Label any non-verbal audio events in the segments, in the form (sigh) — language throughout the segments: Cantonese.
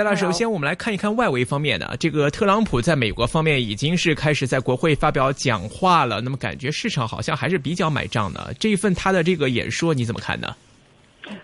嗱，Hello. 首先我們來看一看外圍方面的，這個特朗普在美國方面已經是開始在國會發表講話了，那麼感覺市場好像還是比較買賬的，這一份他的這個演說你怎麼看呢？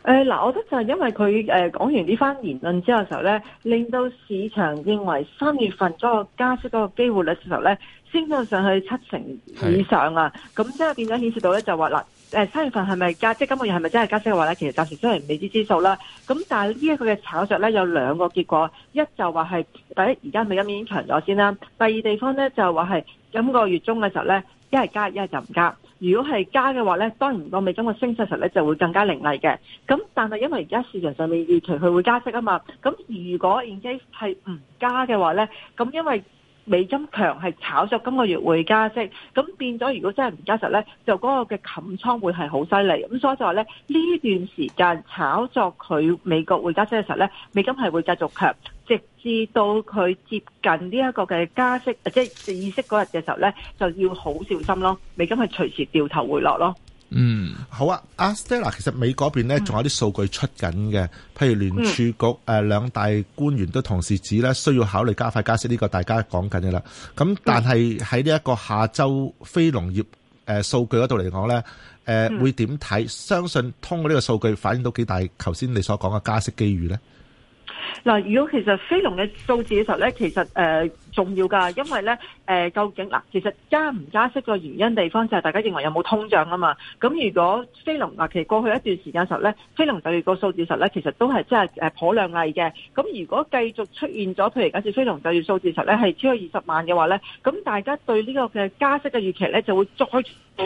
誒，嗱，我覺得就係因為佢誒、呃、講完呢番言論之後嘅時候咧，令到市場認為三月份嗰個加息嗰個機會率嘅時候咧升到上去七成以上啊，咁之後變咗顯示到咧就話嗱。誒、呃、三月份係咪加？即係今個月係咪真係加息嘅話咧？其實暫時真係未知之數啦。咁但係呢一個嘅炒作咧有兩個結果，一就話係第一，而家美金已經強咗先啦。第二地方咧就話係今個月中嘅時候咧，一係加，一係就唔加。如果係加嘅話咧，當然個美金嘅升勢實咧就會更加凌厲嘅。咁但係因為而家市場上面預期佢會加息啊嘛，咁如果現時係唔加嘅話咧，咁因為。美金強係炒作，今個月會加息，咁變咗如果真係唔加息咧，就嗰個嘅冚倉會係好犀利。咁所以就話咧，呢段時間炒作佢美國會加息嘅時候咧，美金係會繼續強，直至到佢接近呢一個嘅加息，即係議息嗰日嘅時候咧，就要好小心咯。美金係隨時掉頭回落咯。嗯，好啊，阿、啊、Stella，其實美嗰邊呢仲、嗯、有啲數據出緊嘅，譬如聯儲局誒兩、呃、大官員都同時指呢，需要考慮加快加息，呢、這個大家講緊嘅啦。咁但係喺呢一個下周非農業誒數、呃、據嗰度嚟講呢，誒、呃嗯、會點睇？相信通過呢個數據反映到幾大頭先你所講嘅加息機遇呢，嗱，如果其實非農嘅數字嘅時候咧，其實誒，呃重要㗎，因為咧、呃、究竟嗱，其實加唔加息嘅原因地方就係大家認為有冇通脹啊嘛。咁如果非農嗱，其實過去一段時間時候咧，非農就業個數字實咧，其實都係即係頗亮麗嘅。咁如果繼續出現咗，譬如假設非農就業數字實咧係超過二十萬嘅話咧，咁大家對呢個嘅加息嘅預期咧就會再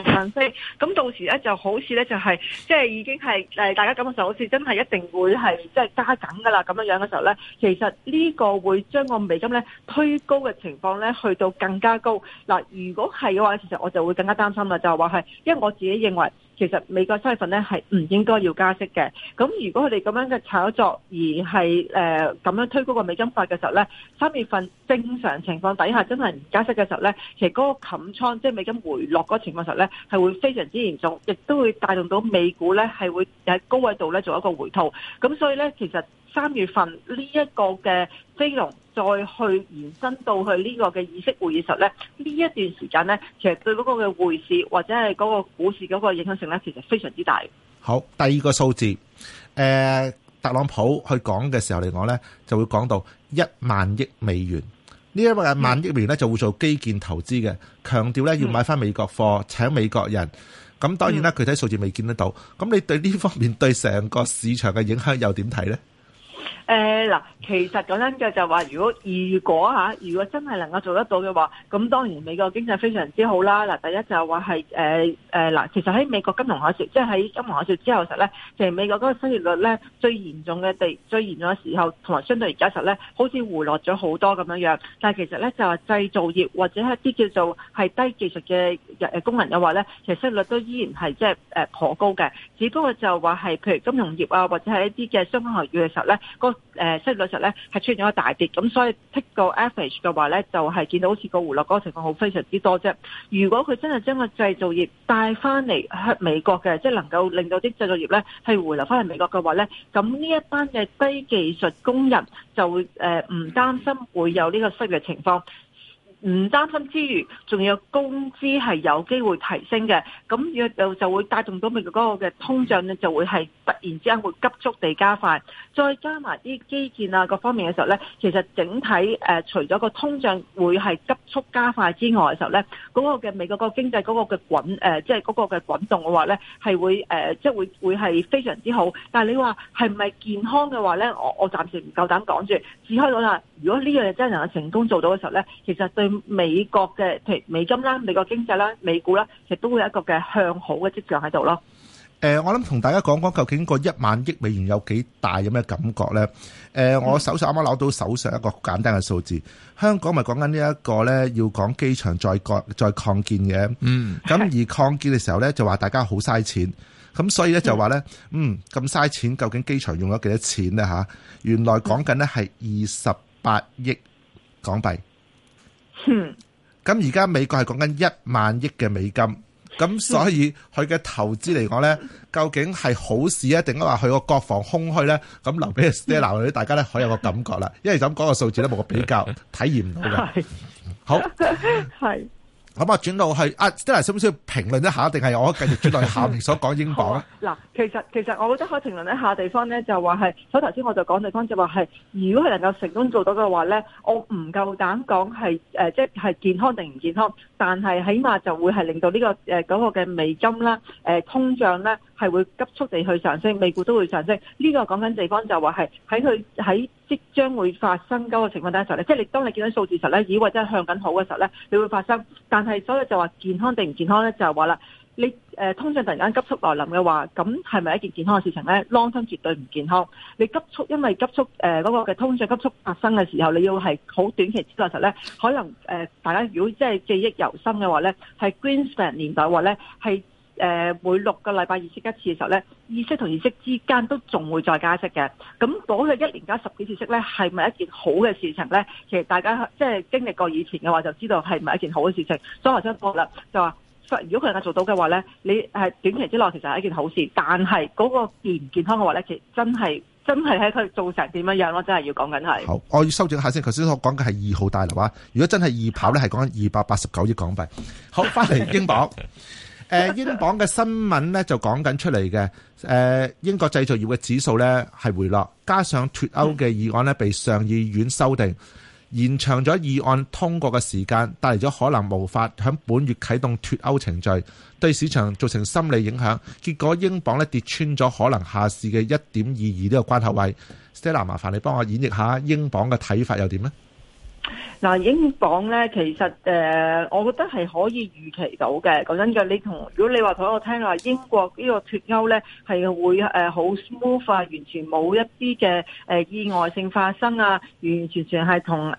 上升。咁到時咧就好似咧就係即係已經係誒大家感覺上好似真係一定會係即係加緊㗎啦咁樣樣嘅時候咧，其實呢個會將個美金咧推高嘅情況咧，去到更加高嗱。如果係嘅話，其實我就會更加擔心啦。就係話係，因為我自己認為，其實美國三月份咧係唔應該要加息嘅。咁如果佢哋咁樣嘅炒作而係誒咁樣推高個美金率嘅時候咧，三月份正常情況底下真係唔加息嘅時候咧，其實嗰個冚倉即係、就是、美金回落嗰個情況時候咧，係會非常之嚴重，亦都會帶動到美股咧係會喺高位度咧做一個回吐。咁所以咧，其實。三月份呢一個嘅非農再去延伸到去呢個嘅議息會議呢，呢一段時間呢，其實對嗰個嘅匯市或者係嗰個股市嗰個影響性呢，其實非常之大。好，第二個數字，誒，特朗普去講嘅時候嚟講呢，就會講到一萬億美元，呢一個一萬億美元呢，就會做基建投資嘅，嗯、強調呢，要買翻美國貨，嗯、請美國人。咁當然啦，具體數字未見得到。咁、嗯、你對呢方面對成個市場嘅影響又點睇呢？誒嗱、呃，其實講真嘅就話，如果如果吓、啊，如果真係能夠做得到嘅話，咁當然美國經濟非常之好啦。嗱，第一就係話係誒誒嗱，其實喺美國金融海嘯，即係喺金融海嘯之後實咧，其實美國嗰個失業率咧最嚴重嘅地、最嚴重嘅時候，同埋相對而家實咧，好似回落咗好多咁樣樣。但係其實咧就話製造業或者係一啲叫做係低技術嘅誒工人嘅話咧，其實失業率都依然係即係誒頗高嘅，只不過就話係譬如金融業啊，或者係一啲嘅相關行業嘅時候咧。個誒失業率實咧係出現咗一個大跌，咁所以剔個 average 嘅話咧，就係、是、見到好似個回落嗰個情況好非常之多啫。如果佢真係將個製造業帶翻嚟去美國嘅，即、就、係、是、能夠令到啲製造業咧係回流翻去美國嘅話咧，咁呢一班嘅低技術工人就誒唔擔心會有呢個失業情況。唔擔心之餘，仲有工資係有機會提升嘅，咁又就就會帶動到美國嗰個嘅通脹咧，就會係突然之間會急速地加快，再加埋啲基建啊各方面嘅時候咧，其實整體除咗個通脹會係急速加快之外嘅時候咧，嗰個嘅美國個經濟嗰個嘅滾即係嗰個嘅滾動嘅話咧，係會即係會會係非常之好。但係你話係唔係健康嘅話咧，我我暫時唔夠膽講住。只開到啦，如果呢樣嘢真係能夠成功做到嘅時候咧，其實對。美國嘅，譬如美金啦、美國經濟啦、美股啦，亦都會有一個嘅向好嘅跡象喺度咯。誒、呃，我諗同大家講講究竟個一萬億美元有幾大，有咩感覺咧？誒、呃，我手上啱啱攞到手上一個簡單嘅數字，香港咪講緊呢一個咧，要講機場再擴再擴建嘅。嗯。咁而擴建嘅時候咧，就話大家好嘥錢，咁所以咧就話咧，嗯咁嘥錢，究竟機場用咗幾多錢呢？吓，原來講緊呢係二十八億港幣。嗯，咁而家美國係講緊一萬億嘅美金，咁所以佢嘅投資嚟講咧，究竟係好事啊，定係話佢個國防空虛咧？咁留俾 Stella 大家咧可以有個感覺啦，因為咁講個數字咧冇個比較 (laughs) 體驗唔到嘅。是好，係。咁啊，轉到係啊 Stella 需唔需要評論一下，定係我繼續轉到下面所講英鎊咧？嗱，其實其實我覺得可以評論一下地方咧，就話係，所以頭先我就講地方就話係，如果係能夠成功做到嘅話咧，我唔夠膽講係誒，即係健康定唔健康，但係起碼就會係令到呢、這個誒嗰個嘅美金啦、誒、呃、通脹咧係會急速地去上升，美股都會上升。呢、這個講緊地方就話係喺佢喺即將會發生嗰嘅情況底下咧，即係你當你見到數字時咧，以為真係向緊好嘅時候咧，你會發生，但係，所以就話健康定唔健康咧，就係話啦，你誒通脹突然間急速來臨嘅話，咁係咪一件健康嘅事情咧？Long term 絕對唔健康。你急速，因為急速誒嗰、呃那個嘅通脹急速發生嘅時候，你要係好短期之內頭咧，可能誒、呃、大家如果即係記憶猶新嘅話咧，係 Greenspan 年代話咧係。誒、呃，每六個禮拜二息一次嘅時候咧，二息同二息之間都仲會再加息嘅。咁嗰個一年加十幾次息咧，係咪一件好嘅事情咧？其實大家即係經歷過以前嘅話，就知道係唔係一件好嘅事情。所以我想講啦，就話，如果佢能夠做到嘅話咧，你係短期之內其實係一件好事，但係嗰個健唔健康嘅話咧，其實真係真係喺佢做成點樣樣咯，真係要講緊係。好，我要修正下先，頭先我講嘅係二號大樓啊。如果真係二跑咧，係講緊二百八十九億港幣。好，翻嚟英鎊。 (laughs) 誒英鎊嘅新聞咧就講緊出嚟，嘅，誒英國製造業嘅指數咧係回落，加上脱歐嘅議案呢，被上議院修訂，延長咗議案通過嘅時間，帶嚟咗可能無法響本月啟動脱歐程序，對市場造成心理影響。結果英鎊呢，跌穿咗可能下市嘅一點二二呢個關口位。Stella，麻煩你幫我演繹下英鎊嘅睇法又點呢？嗱，英鎊咧，其實誒，我覺得係可以預期到嘅。講真嘅，你同如果你話同我聽話英國這個脫呢個脫歐咧，係會誒好 smooth 啊，完全冇一啲嘅誒意外性發生啊，完完全全係同誒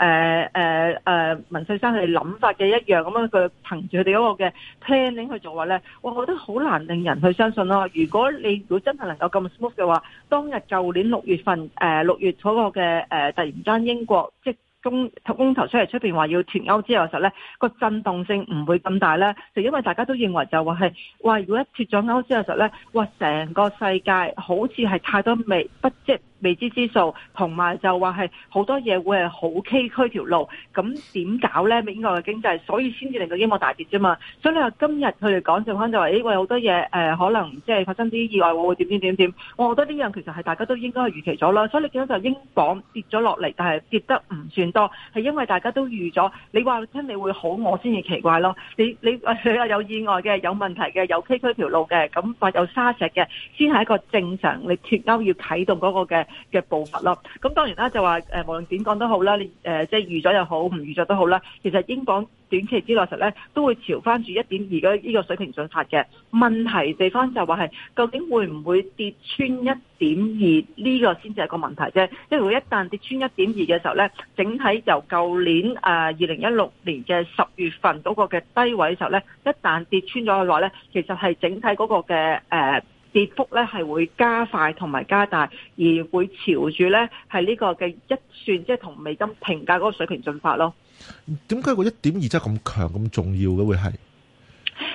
誒誒文世生佢哋諗法嘅一樣咁樣。佢憑住佢哋嗰個嘅 planning 去做話咧，我覺得好難令人去相信咯、啊。如果你如果真係能夠咁 smooth 嘅話，當日舊年六月份誒六、呃、月嗰個嘅誒、呃、突然間英國即公，公投投出嚟出邊話要脱歐之後實咧、個震動性唔會咁大咧，就因為大家都認為就話係哇，如果一脱咗歐之後實咧，哇成個世界好似係太多未不即未知之數，同埋就話係好多嘢會係好崎嶇條路，咁點搞咧英國嘅經濟？所以先至令到英鎊大跌啫嘛。所以你話今日佢哋講就翻就話，咦、哎、喂，好多嘢誒、呃，可能即係發生啲意外，我會點點點點。我覺得呢樣其實係大家都應該係預期咗啦。所以你見到就英鎊跌咗落嚟，但係跌得唔算。多係 (music) 因為大家都預咗，你話聽你會好，我先至奇怪咯。你你你有意外嘅、有問題嘅、有崎嶇條路嘅，咁或有沙石嘅，先係一個正常你脱歐要啟動嗰個嘅嘅步伐咯。咁當然啦，就話誒，無論點講都好啦，你誒、呃、即係預咗又好，唔預咗都好啦。其實英鎊短期之內實咧都會朝翻住一點二嘅呢個水平進發嘅，問題地方就話、係、係究竟會唔會跌穿一點二呢個先至係個問題啫，因為如果一旦跌穿一點二嘅時候咧，整體由舊年誒二零一六年嘅十月份嗰個嘅低位嘅時候咧，一旦跌穿咗落咧，其實係整體嗰個嘅誒。呃跌幅咧係會加快同埋加大，而會朝住咧係呢個嘅一算，即係同美金平價嗰個水平進發咯。點解個一點二真係咁強咁重要嘅？會係？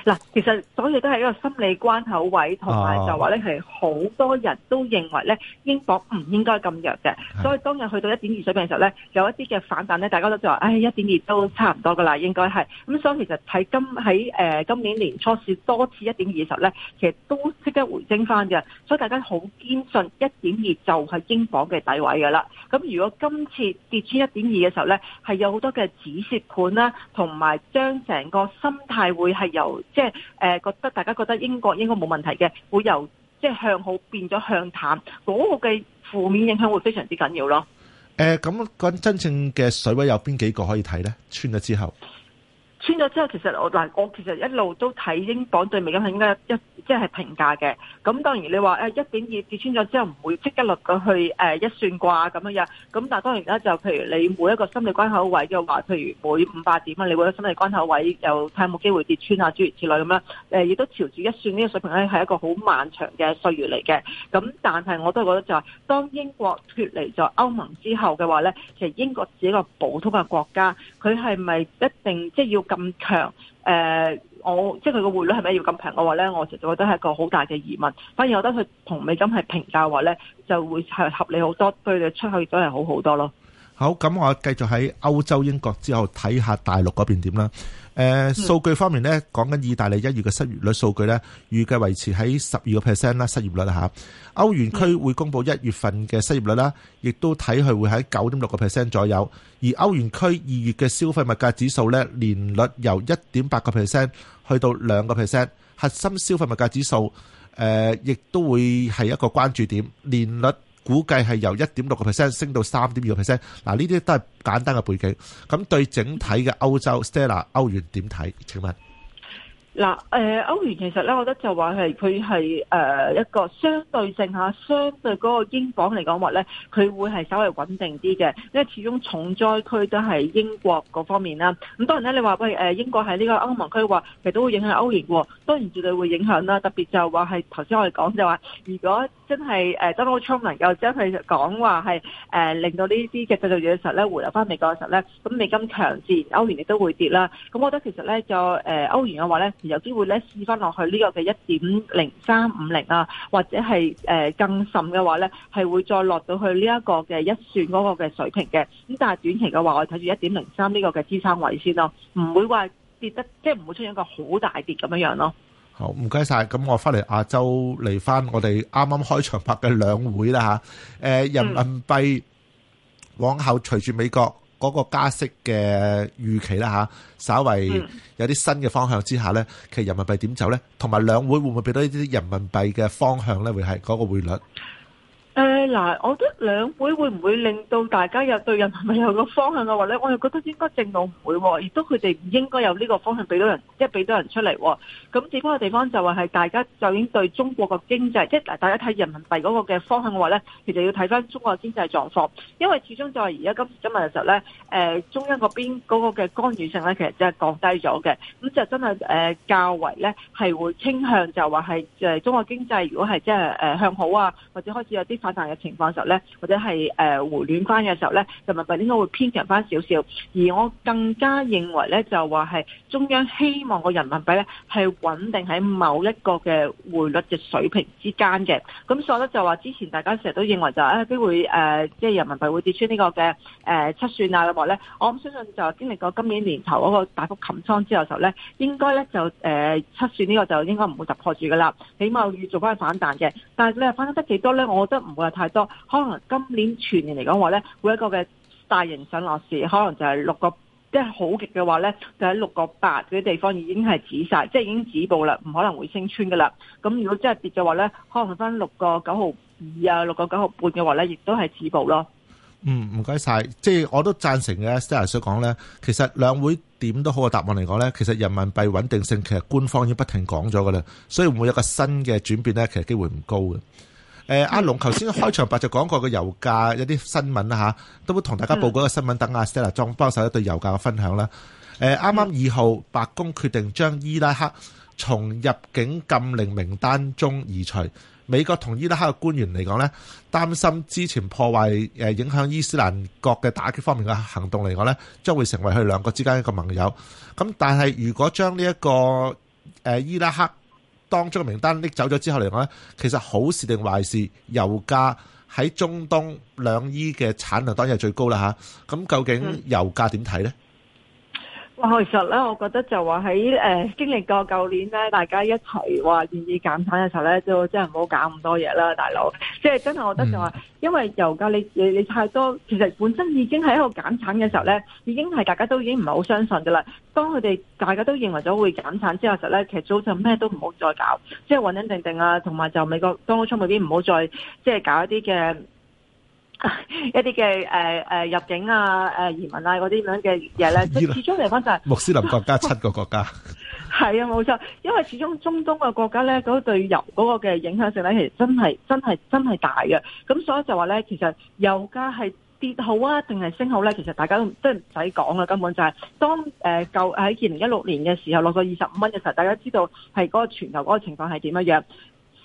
嗱，其實所有都係一個心理關口位，同埋就話咧係好多人都認為咧，英鎊唔應該咁弱嘅。所以當日去到一點二水平嘅時候咧，有一啲嘅反彈咧，大家都就話，唉、哎，一點二都差唔多噶啦，應該係。咁所以其實喺今喺、呃、今年年初試多次一點二嘅時候咧，其實都即刻回升翻嘅。所以大家好堅信一點二就係英鎊嘅底位噶啦。咁如果今次跌穿一點二嘅時候咧，係有好多嘅止蝕盤啦，同埋將成個心態會係由即係誒、呃，覺得大家覺得英國應該冇問題嘅，會由即係向好變咗向淡，嗰、嗰個嘅負面影響會非常之緊要咯。誒、呃，咁講真正嘅水位有邊幾個可以睇咧？穿咗之後。穿咗之後，其實我嗱，我其實一路都睇英鎊對美金係應該一即係平價嘅。咁當然你話誒一點二跌穿咗之後唔會即刻落去誒一算掛咁樣樣。咁但係當然咧就譬如你每一個心理關口位嘅話，譬如每五百點啊，你會有心理關口位又睇有冇機會跌穿啊，諸如此類咁樣。誒亦都朝住一算呢個水平咧係一個好漫長嘅歲月嚟嘅。咁但係我都係覺得就係、是、當英國脱離咗歐盟之後嘅話咧，其實英國自己一個普通嘅國家，佢係咪一定即係、就是、要？咁強、呃、我即係佢個匯率係咪要咁平嘅話呢？我就覺得係一個好大嘅疑問。反而我覺得佢同美金係平價嘅話呢，就會係合理好多，對佢出口亦都係好好多咯。好，咁我繼續喺歐洲英國之後睇下大陸嗰邊點啦。誒、呃、數據方面呢，講緊意大利一月嘅失業率數據呢，預計維持喺十二個 percent 啦，失業率吓。歐元區會公佈一月份嘅失業率啦，亦都睇佢會喺九點六個 percent 左右。而歐元區二月嘅消費物價指數呢，年率由一點八個 percent 去到兩個 percent，核心消費物價指數誒亦、呃、都會係一個關注點，年率。估計係由一點六個 percent 升到三點二個 percent，嗱呢啲都係簡單嘅背景。咁對整體嘅歐洲 Stella 歐元點睇？請問。嗱、嗯，歐元其實呢，我覺得就話係佢係誒一個相對性下相對嗰個英鎊嚟講話呢，佢會係稍微穩定啲嘅，因為始終重災區都係英國嗰方面啦。咁當然呢，你話喂誒英國喺呢個歐盟區話，其實都會影響歐元喎。當然絕對會影響啦，特別就話係頭先我哋講就話，如果真係 Donald Trump 能夠真係講話係令到呢啲嘅制度嘅時候咧，回流返美國嘅時候咧，咁美金強，自然歐元亦都會跌啦。咁我覺得其實咧，就歐元嘅話咧。有機會咧試翻落去呢個嘅一點零三五零啊，或者係誒、呃、更甚嘅話咧，係會再落到去呢一個嘅一算嗰個嘅水平嘅。咁但係短期嘅話，我睇住一點零三呢個嘅支撐位先咯，唔會話跌得即係唔會出現一個好大跌咁樣樣咯。好，唔該晒，咁我翻嚟亞洲嚟翻，我哋啱啱開場拍嘅兩會啦嚇。誒、啊，人民幣往後隨住美國。嗯嗰個加息嘅預期啦吓稍微有啲新嘅方向之下咧，其實人民幣點走咧？同埋兩會會唔會俾到呢啲人民幣嘅方向咧？會、那、係個匯率？誒。我覺得兩會會唔會令到大家有對人民幣有個方向嘅話呢？我又覺得應該正路唔會、啊，喎，亦都佢哋唔應該有呢個方向俾到人即係俾到人出嚟、啊。喎。咁只不過嘅地方就話係大家究竟對中國嘅經濟，即、就、係、是、大家睇人民幣嗰個嘅方向嘅話咧，其實要睇返中國經濟狀況，因為始終就係而家今時今日嘅時候呢，呃、中央嗰邊嗰個嘅干預性呢，其實真係降低咗嘅。咁就真係誒、呃、較為咧係會傾向就話係中國經濟如果係即係向好啊，或者開始有啲反彈情況時候咧，或者係誒回暖翻嘅時候咧，人民幣應該會偏強翻少少。而我更加認為咧，就話係中央希望個人民幣咧係穩定喺某一個嘅匯率嘅水平之間嘅。咁所以咧就話之前大家成日都認為就誒、機會誒即係人民幣會跌穿呢個嘅誒七算啊咁咧，我諗，相信就經歷過今年年頭嗰個大幅冚倉之後嘅時候咧，應該咧就誒七算呢個就應該唔會突破住噶啦，起碼要做翻反彈嘅。但係你話反得得幾多咧？我覺得唔會話太。多可能今年全年嚟講話咧，會一個嘅大型上落市，可能就係六個，即係好極嘅話咧，就喺六個八嗰啲地方已經係止晒，即係已經止步啦，唔可能會升穿噶啦。咁如果真係跌嘅話咧，可能翻六個九毫二啊，六個九毫半嘅話咧，亦都係止步咯。嗯，唔該晒，即係我都贊成嘅。Stella 所講咧，其實兩會點都好嘅答案嚟講咧，其實人民幣穩定性其實官方已經不停講咗噶啦，所以唔會有一個新嘅轉變咧，其實機會唔高嘅。誒阿、啊、龍，頭先開場白就講過個油價有一啲新聞啦，都會同大家報告。個新聞，等阿 Stella 裝幫手一對油價嘅分享啦。誒啱啱二號，白宮決定將伊拉克從入境禁令名單中移除。美國同伊拉克嘅官員嚟講呢，擔心之前破壞誒影響伊斯蘭國嘅打擊方面嘅行動嚟講呢，將會成為佢兩國之間一個盟友。咁但係如果將呢、這、一個誒、呃、伊拉克當中嘅名單拎走咗之後嚟講咧，其實好事定壞事，油價喺中東兩伊嘅產量當然係最高啦嚇。咁究竟油價點睇咧？其實咧，我覺得就話喺誒經歷過舊年咧，大家一齊願意減產嘅時候咧，就是、真係唔好搞咁多嘢啦，大佬。即係真係，我覺得就話，因為油價你你你太多，其實本身已經喺一個減產嘅時候咧，已經係大家都已經唔係好相信噶啦。當佢哋大家都認為咗會減產之後，實咧，其實早就咩都唔好再搞，即係穩穩定定啊，同埋就美國當初未必唔好再即係、就是、搞一啲嘅。 (laughs) 一啲嘅誒入境啊、誒、呃、移民啊嗰啲咁樣嘅嘢咧，佢 (laughs) 始終嚟返就係、是、 (laughs) 穆斯林國家七個國家、 (laughs) 啊，係啊冇錯，因為始終中東嘅國家咧，嗰、那個、對油嗰個嘅影響性咧，其實真係真係真係大嘅。咁所以就話咧，其實油價係跌好啊，定係升好咧？其實大家都真係唔使講啦，根本就係、是、當誒舊喺二零一六年嘅時候落個二十五蚊嘅時候，大家知道係嗰個全球嗰個情況係點樣樣。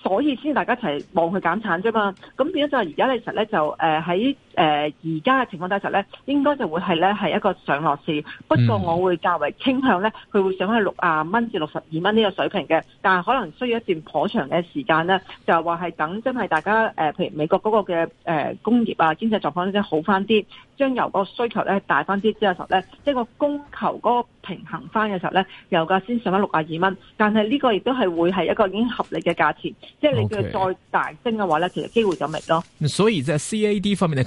所以先大家一齊望佢減產啫嘛，咁變咗就係而家咧其實咧就誒喺。誒而家嘅情況底下咧，應該就會係咧係一個上落市。不過我會較為傾向咧，佢會上去六啊蚊至六十二蚊呢個水平嘅。但係可能需要一段頗長嘅時間咧，就係話係等真係大家誒、呃，譬如美國嗰個嘅誒工業啊經濟狀況咧好翻啲，將油個需求咧大翻啲之後嘅時候咧，即係個供求嗰個平衡翻嘅時候咧，油價先上翻六啊二蚊。但係呢個亦都係會係一個已經合理嘅價錢。即係你叫再大升嘅話咧，其實機會就未咯。Okay. 所以在 C A D 方面嘅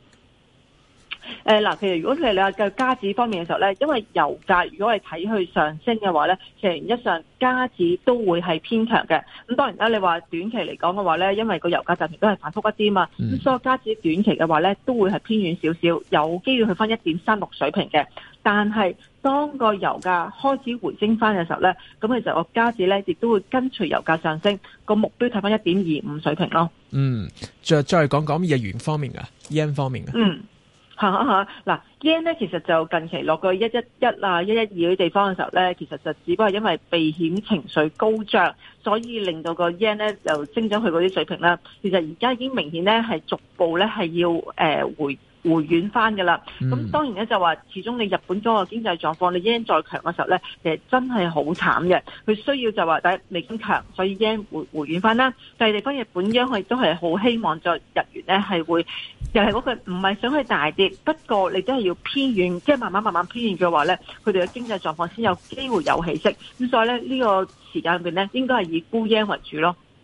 誒嗱、呃，其實如果你你話嘅加指方面嘅時候咧，因為油價如果係睇去上升嘅話咧，其實一上加指都會係偏強嘅。咁當然啦，你話短期嚟講嘅話咧，因為個油價近期都係反覆一啲啊嘛，咁、嗯、所以加指短期嘅話咧都會係偏軟少少，有機會去翻一點三六水平嘅。但係當個油價開始回升翻嘅時候咧，咁其實個加指咧亦都會跟隨油價上升個目標睇翻一點二五水平咯。嗯，再再講講日元方面嘅 yen 方面嘅。嗯。吓嗱，yen 咧其實就近期落過一一一啊、一一二啲地方嘅時候咧，其實就只不過係因為避險情緒高漲，所以令到個 yen 咧就升咗去嗰啲水平啦。其實而家已經明顯咧係逐步咧係要誒、呃、回。回軟翻嘅啦，咁、嗯、當然咧就話，始終你日本嗰個經濟狀況，你日圓再強嘅時候咧，其實真係好慘嘅。佢需要就話第一，美元強，所以央回回軟翻啦。第二地方日本央行，佢亦都係好希望再日元咧係會，又係嗰句唔係想去大跌，不過你真係要偏軟，即、就、係、是、慢慢慢慢偏軟嘅話咧，佢哋嘅經濟狀況先有機會有起色。咁所以咧呢個時間裏邊咧，應該係以沽央為主咯。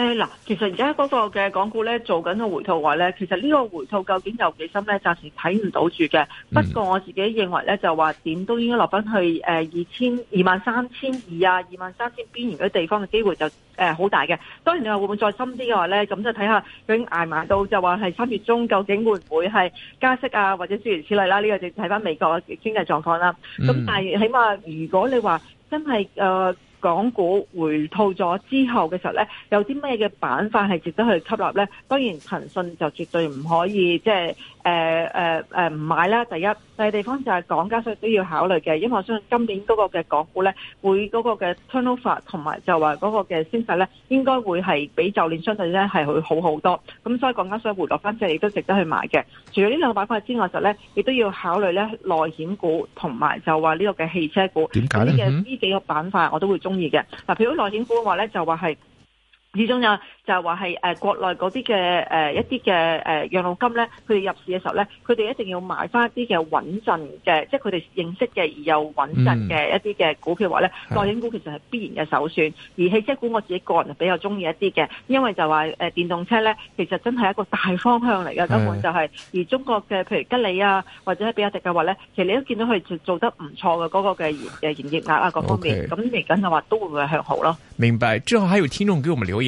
誒嗱，其實而家嗰個嘅港股咧做緊個回吐話咧，其實呢個回吐究竟有幾深咧？暫時睇唔到住嘅。嗯、不過我自己認為咧，就話點都應該落翻去誒二千二萬三千二啊，二萬三千邊緣嗰啲地方嘅機會就誒好、呃、大嘅。當然你話會唔會再深啲嘅話咧，咁就睇下究竟挨埋到就話係三月中究竟會唔會係加息啊，或者諸如此類啦。呢、這個就睇翻美國嘅經濟狀況啦。咁、嗯、但係起碼如果你話真係誒。呃港股回吐咗之後嘅時候咧，有啲咩嘅板塊係值得去吸納咧？當然騰訊就絕對唔可以即係誒誒誒唔買啦。第一，第二地方就係港交所都要考慮嘅，因為我相信今年嗰個嘅港股咧會嗰個嘅 turnover 同埋就話嗰個嘅升勢咧，應該會係比舊年相對咧係會好好多。咁所以港交所回落翻即係亦都值得去買嘅。除咗呢兩個板塊之外，就咧亦都要考慮咧內險股同埋就話呢個嘅汽車股。點解呢幾個板塊我都會中中意嘅，嗱，譬如內險股嘅話咧，就話係。始終有，就係話係誒國內嗰啲嘅誒一啲嘅誒養老金咧，佢哋入市嘅時候咧，佢哋一定要買翻一啲嘅穩陣嘅，即係佢哋認識嘅而又穩陣嘅一啲嘅股票話咧，內險股其實係必然嘅首選。嗯、而汽車股我自己個人比較中意一啲嘅，因為就話誒電動車咧，其實真係一個大方向嚟嘅，根本就係、是。而中國嘅譬如吉利啊，或者比亞迪嘅話咧，其實你都見到佢做得唔錯嘅嗰個嘅營誒營業額啊各方面，咁嚟緊嘅話都會向會好咯。明白。之後還有聽眾給我們留言。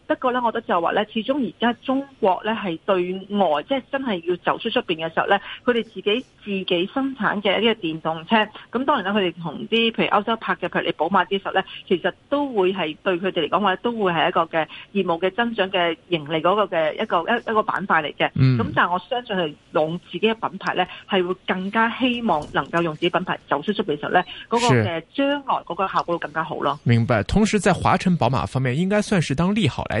一個咧，我覺得就係話咧，始終而家中國咧係對外，即係真係要走出出邊嘅時候咧，佢哋自己自己生產嘅呢個電動車，咁當然啦，佢哋同啲譬如歐洲拍嘅譬如你寶馬啲時候咧，其實都會係對佢哋嚟講話，都會係一個嘅業務嘅增長嘅盈利嗰個嘅一個一一個板塊嚟嘅。咁、嗯、但係我相信係用自己嘅品牌咧，係會更加希望能夠用自己品牌走出出邊嘅時候咧，嗰個嘅將來嗰個效果會更加好咯。明白。同時，在華晨寶馬方面，應該算是當利好嚟。